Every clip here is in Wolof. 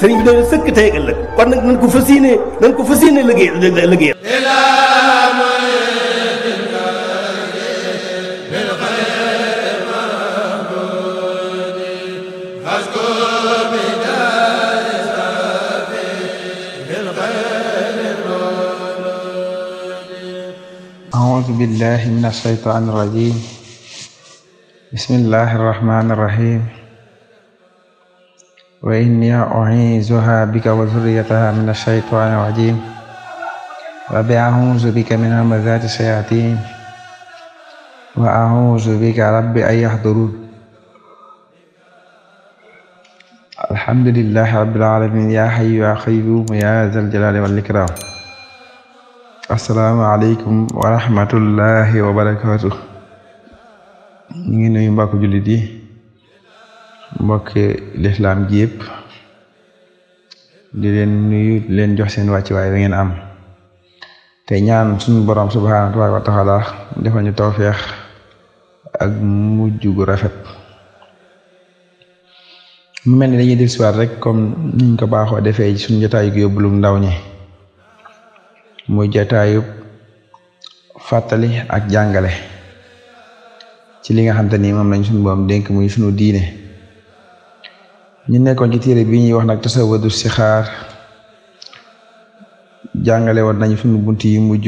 sëriñ bi dañu sëkk tey ëllëg kon nag nañ ko fas yéene nañ ko fas yéene liggéey liggéey أعوذ بالله من الشيطان الرجيم بسم الله الرحمن الرحيم wa inni u'iizuha bika wa zurriyataha min ash-shaytaani rajiim wa bi a'uuzu bika min hamazaati shayaatiin wa a'uuzu bika rabbi an yahduruun alhamdulillahi rabbil aalamiin yaa hayyu yaa qayyuum yaa zal jalaali wal ikraam assalaamu aleykum wa rahmatullahi wa barakaatuh ñu ngi nuyu mbokk jullit yi mbokki lislaam ji yëpp di leen nuyu leen jox seen wàccuwaay bi ngeen am te ñaan suñu borom subhaanahu wa taala defal ñu feex ak mujj gu rafet mu mel ni dañuy del rek comme niñ ko baaxoo defee suñu jotaayu gu yóbbulum ndaw ñi muy jotaayu fàttali ak jàngale ci li nga xam te ni moom lañ suñu borom dénk muy suñu diine ñu nekkoon ci téere bi ñuy wax nag tasawudu sixaar jàngale woon nañu suñu bunt yi mujj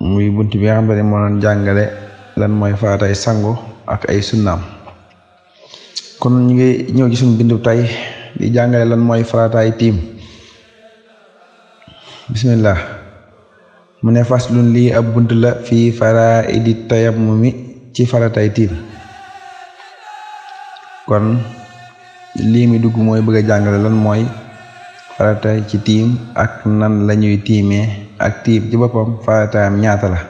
muy bunt bi nga xam ne moo jàngale lan mooy faratay sangu ak ay sunnaam kon ñu ngi ñëw ci suñu bindu tey di jàngale lan mooy farataay tiim bismillah mu ne faslun lii ab bunt la fii faraidi tayammumi ci faratay tiim kon lii dugg mooy bëgg a jàngale lan mooy farata ci tiim ak nan lañuy tiime ak tiim ci boppam farataam ñaata la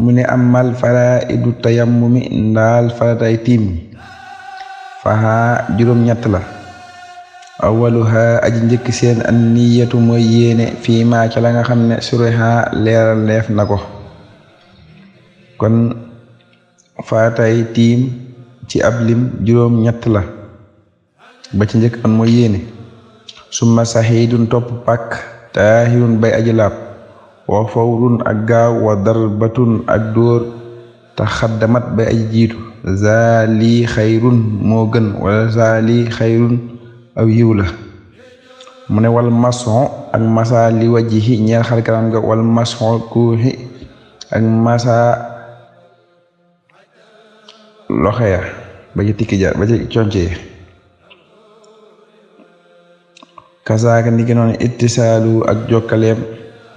mu ne amal faraidu tayammumi ndaal farataay tiim mi juróom-ñett la awaluha aji njëkk seen an niyatu mooy yéene fii maa ca la nga xam ne sureha leeral leef na ko kon faratay tiim ci ab lim juróom la ba ci njëkk an mooy yéene summa saxiidun topp pàkk taahirun bay aji laab wa fawrun ak gaaw wa darbatun ak dóor te xaddamat bay aji jiitu zaa lii xayrun moo gën wala zaa lii xayrun aw yiw la mu ne wal mason ak masa li wajihi ñeel xar ga wal mason kuuxi ak masa loxeya ba ci ba ci concee kasaaka ni noonu ittisaalu ak jokkaleem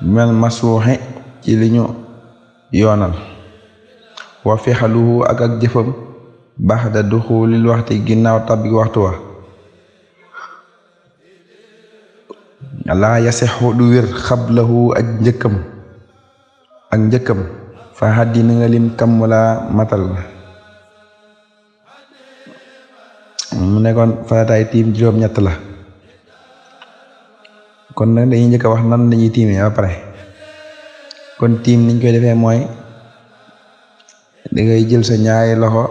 mel masuuxi ci liñu ñu yoonal wa fexaluhu ak ak jëfam baax da duxulil waxti ginnaaw tabbi waxtu wa laa yasexu du wér xablahu ak njëkkam ak njëkkam fa xaddi na nga lim matal mu nekkoon farataay tiim juróom-ñett la kon nag dañuy njëkk a wax nan lañuy tiimee ba kon tiim niñ koy defee mooy dangay jël sa ñaari loxo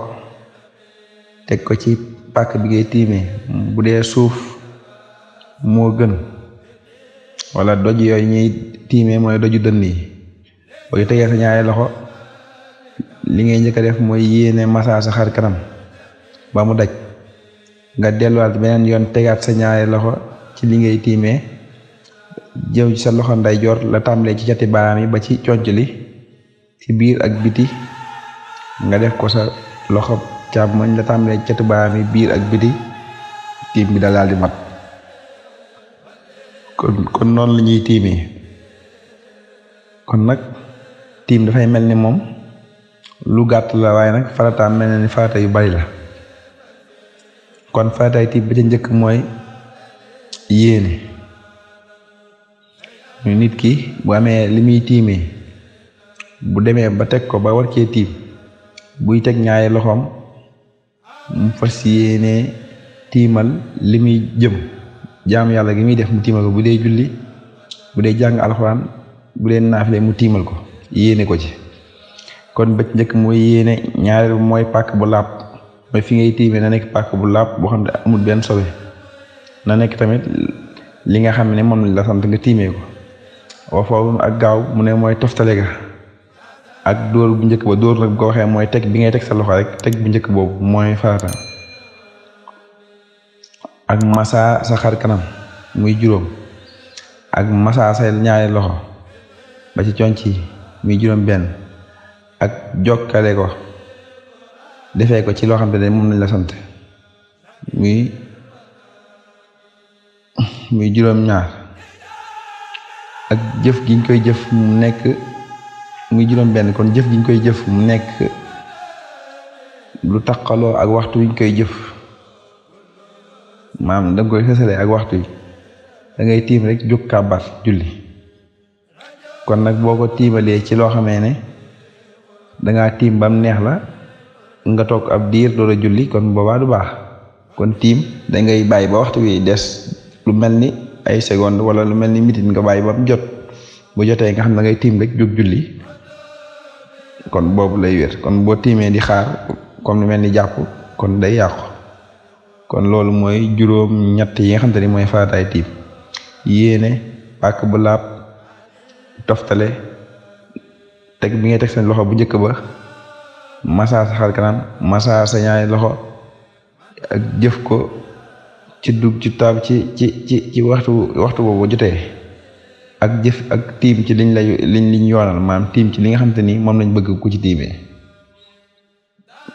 teg ko ci pàkk bi ngay tiimee bu dee suuf moo gën wala doj yooyu ñuy tiime mooy doju dën yi booy tegee sa ñaari loxo li ngay njëkk def mooy yéene masaa sa xar kanam ba mu daj nga delluwaat beneen yoon tegaat sa ñaari loxo ci li ngay tiimee jëw ci sa loxo ndeyjoor la tàmbalee ci cati baaraam yi ba ci conc li ci biir ak biti nga def ko sa loxo càmmoñ la tàmbalee ci cati yi biir ak biti tiim bi dalaal di mat kon kon noonu la ñuy kon nag tiim dafay mel ni moom lu gàtt la waaye nag farataam mel na ni farata yu bari la kon faataay tiib ba njëkk mooy yéene ñu nit ki bu amee li muy tiimee bu demee ba teg ko ba war cee tiim buy teg ñaari loxoom mu fas yéenee tiimal li muy jëm jaamu yàlla gi muy def mu tiimal ko bu dee julli bu dee jàng alxuraan bu dee naafile mu tiimal ko yéene ko ci kon bëcc njëkk mooy yéene ñaareel mooy pàkk bu làpp mooy fi ngay tiime na nekk pàkk bu làpp boo xam ne amul benn sobe na nekk tamit li nga xam ne moom lañ la sant nga tiimee ko wa foofu ak gaaw mu ne mooy toftale ga ak dóor bu njëkk ba dóor nag bu ko waxee mooy teg bi ngay teg sa loxo rek teg bu njëkk boobu mooy farata ak masa sa xar kanam muy juróom ak masa say ñaari loxo ba ci conc yi muy juróom benn ak jokkale ko defee ko ci loo xam ne moom lañ la sant muy muy juróom-ñaar ak jëf giñ koy jëf mu nekk muy benn kon jëf giñ koy jëf mu nekk lu taqaloo ak waxtu wiñ koy jëf maam danga koy xësalee ak waxtu yi dangay tiim rek jóg kàbbar julli kon nag boo ko tiimalee ci loo xamee ne danga tiim bam neex la nga toog ab diir door a julli kon boobaa du baax kon tiim da ngay bàyyi ba waxtu wi des lu mel ni ay seconde wala lu mel ni minute nga bàyyi ba mu jot boo jotee nga xam ne da ngay tiim rek jóg julli kon boobu lay wér kon boo tiimee di xaar comme lu mel ni jàpp kon day yàqu kon loolu mooy juróom ñett yi nga xam te ni mooy farataay tiim yéene pàkk bu laab toftale teg bi ngay teg seen loxo bu njëkk ba massa sa xar kanam massa sa ñaari loxo ak jëf ko ci dug ci taab ci ci ci ci waxtu waxtu boobu jotee ak jëf ak tiim ci liñ la liñ liñ yoonal maam tiim ci li nga xam te ni moom lañ bëgg ko ci tiimee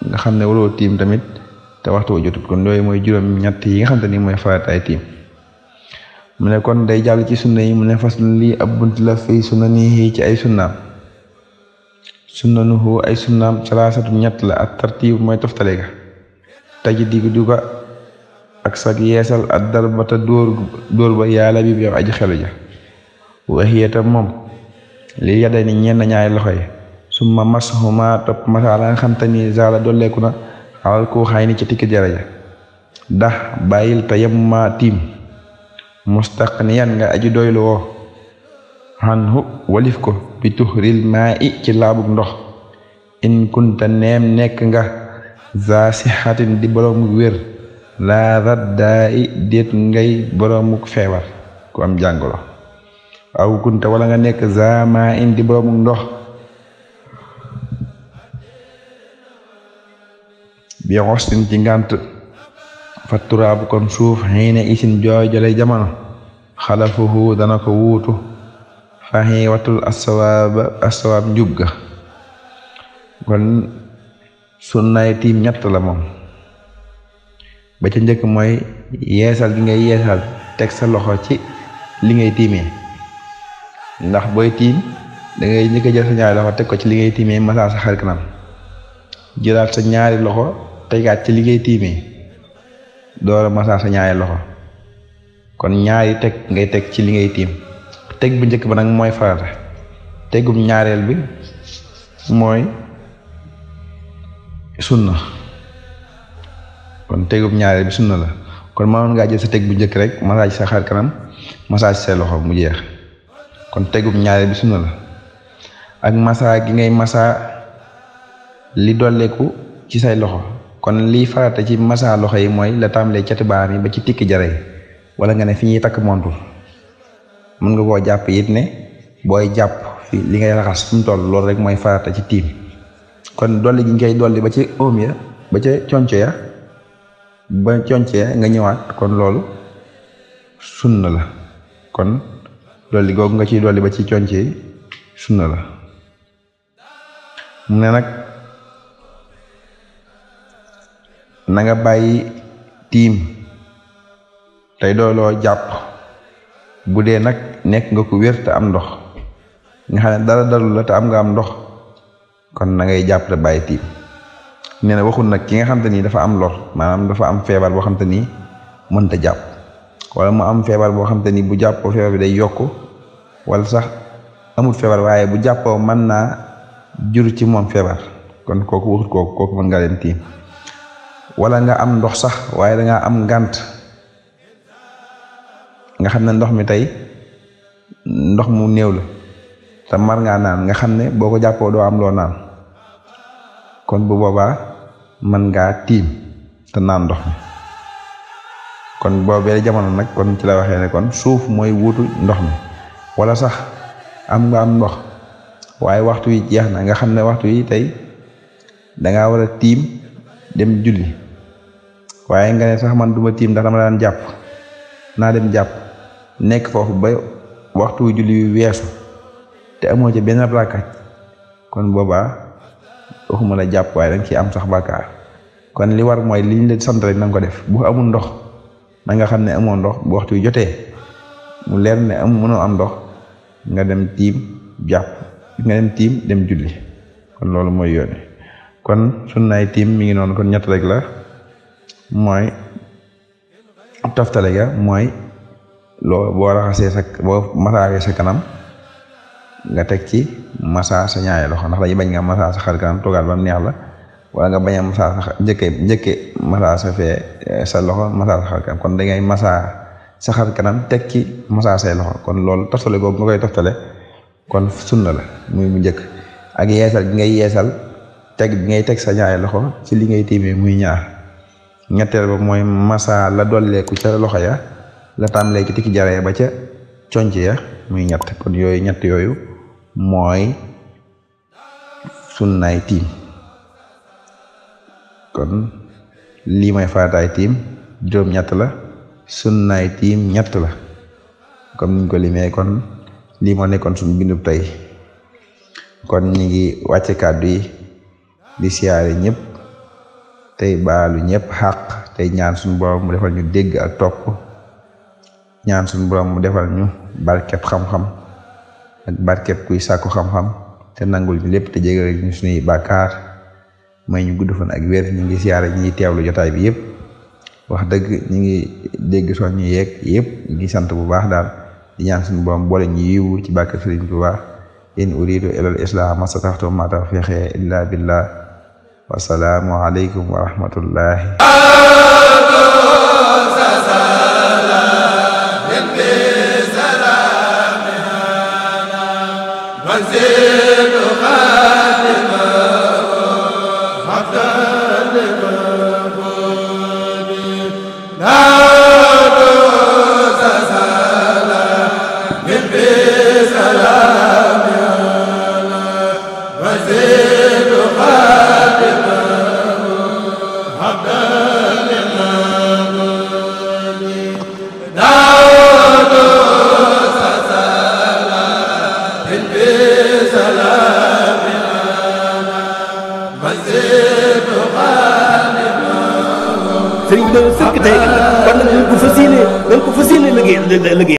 nga xam ne waroo tiim tamit te waxtu boo jotut kon yooyu mooy juróom ñett yi nga xam te nii mooy farat ay tiim mu ne kon day jàll ci sunna yi mu ne fas lii ab bunt la fii nii ci ay sunnaam sunnanuhu ay sunnaam salaasatu ñett la ak tartiib mooy toftale ga tajdiid du ga ak sag yeesal ak darbata dóor dóor ba yàlla bi yow aji xelu ja waxiyata moom li yadda ni ñenn ñaari loxo yi summa mashuma topp masaa la nga xam te sala zaala dolleeku na xalal koo xay ni ci tikki jara ja dax bàyyil te yem ma tiim mustaqniyan nga aji doylu anhu walif ko bi tuxril i ci laabug ndox in kunta neem nekk nga za sixatin di boroomuk wér laa raddaa i déet ngay boroomuk feebar ku am jàngoro aw kunta wala nga nekk za maa in di boroomuk ndox bi xostin ci ngànt fa turaabu kon suuf xiina isin jooy jole jamono xalafuhu dana ko wuutu faxi watul asawaab asawaab njub ga kon sunnaay tiim ñett la moom ba ca njëkk mooy yeesal di ngay yeesal teg sa loxo ci li ngay ndax booy tiim dangay ngay njëkk jël sa ñaari loxo teg ko ci li ngay tiimee sa xar kanam jëlaat sa ñaari loxo tegaat ci li ngay tiimee door a masaa sa ñaari loxo kon ñaari teg ngay teg ci li ngay tiim teg bu njëkk ba nag mooy farata tegum ñaareel bi mooy sunna kon tegum ñaareel bi sunna la kon mënoon ngaa jël sa teg bu njëkk rek massage sa xar kanam massage say loxo mu jeex kon tegum ñaareel bi sunna la ak masaa gi ngay masaa li dolleeku ci say loxo kon liy farata ci massa loxo yi mooy la tàmbalee cati baa yi ba ci tikki jare wala nga ne fi ñuy takk montul mën nga koo jàpp yit ne booy jàpp li ngay raxas fi mu toll loolu rek mooy farata ci tiim kon dolli gi ngay dolli ba ci oom ya ba ca conco ya ba conco nga ñëwaat kon loolu sunna la kon dolli googu nga ciy dolli ba ci conco yi sunna la mu ne nag na nga bàyyi tiim tey dooloo jàpp bu dee nag nekk nga ku wér te am ndox nga xam ne dara dalul la am nga am ndox kon na ngay jàpp te bàyyi tiim nee na waxul nag ki nga xam te nii dafa am lor maanaam dafa am feebar boo xam te nii mënta jàpp wala mu am feebar boo xam te ni bu jàppoo bi day yokk wala sax amul feebar waaye bu jàppoo mën naa jur ci moom feebar kon kooku waxut kooku kooku nga leen tiim wala nga am ndox sax waaye danga am ngant xam ne ndox mi tey ndox mu néew la te mar ngaa naan nga xam ne boo ko jàppoo doo am loo naan kon bu boobaa mën ngaa tiim te naan ndox mi kon boobee jamono nag kon ci la waxee ne kon suuf mooy wuutu ndox mi wala sax am nga am ndox waaye waxtu wi jeex na nga xam ne waxtu yi tey dangaa war tiim dem juli waaye nga ne sax man duma tiim ndax dama daan jàpp naa dem jàpp nekk foofu ba waxtu julli yu weesu te amoo ci benn bàkkaar kon boobaa waxuma la jàpp waaye danga ci am sax bàkkaar kon li war mooy liñ la sant rek na nga ko def bu amul ndox na nga xam ne amoo ndox bu waxtu yu jotee mu leer ne am mënoo am ndox nga dem tiim jàpp nga dem tiim dem julli kon loolu mooy yoon kon sunnaay tiim mi ngi noonu kon ñett rek la mooy toftale mooy loo boo raxasee sa boo masaawee sa kanam nga teg ci masaa sa ñaari loxo ndax dañuy bañ nga masa sa xar kanam toogaat neex la wala nga bañ a masa sa njëkke eh, sa loxo masa sa masa sa kanam teg ci masa say loxo kon loolu toftale googu nga koy toftale kon sunna la muy mu njëkk ak yeesal gi ngay yeesal teg ngay teg sa ñaari loxo ci li ngay tiimee muy ñaar ñetteel ba mooy masa la dolleeku ca loxo ya la tàmbalee ci tikki jaree ba ca conc ya muy ñett kon yooyu ñett yooyu mooy sun nay tiim kon lii mooy farataay tiim juróom ñett la nay tiim ñett la comme niñ ko limee kon lii moo nekkoon suñu bindub tey kon ñi ngi wàcce kàddu yi di siyaare ñëpp tey baalu ñëpp xàq tey ñaan suñu borom mu defal ñu dégg ak topp ñaan suñu borom mu defal ñu barkeb xam-xam ak barkeb kuy sàkku xam-xam te nangul ñu lépp te jégal ñu suñuy bàkkaar may ñu gudd fan ak wér ñi ngi siyaare ñi teewlu jotaay bi yëpp wax dëgg ñu ngi dégg soon ñu yeeg yëpp ñu sant bu baax daal ñaan suñu borom boole ñi yiwu ci barkeb Sëriñ Tuubaa in uridu ilal islam masataxtu ma tawfiqi illa billah wasalaamu aleykum wa rahmatullah Amen. doyoon sëkk tey kon nag nañ ko fas yéene nañ ko fas yéene liggéey liggéey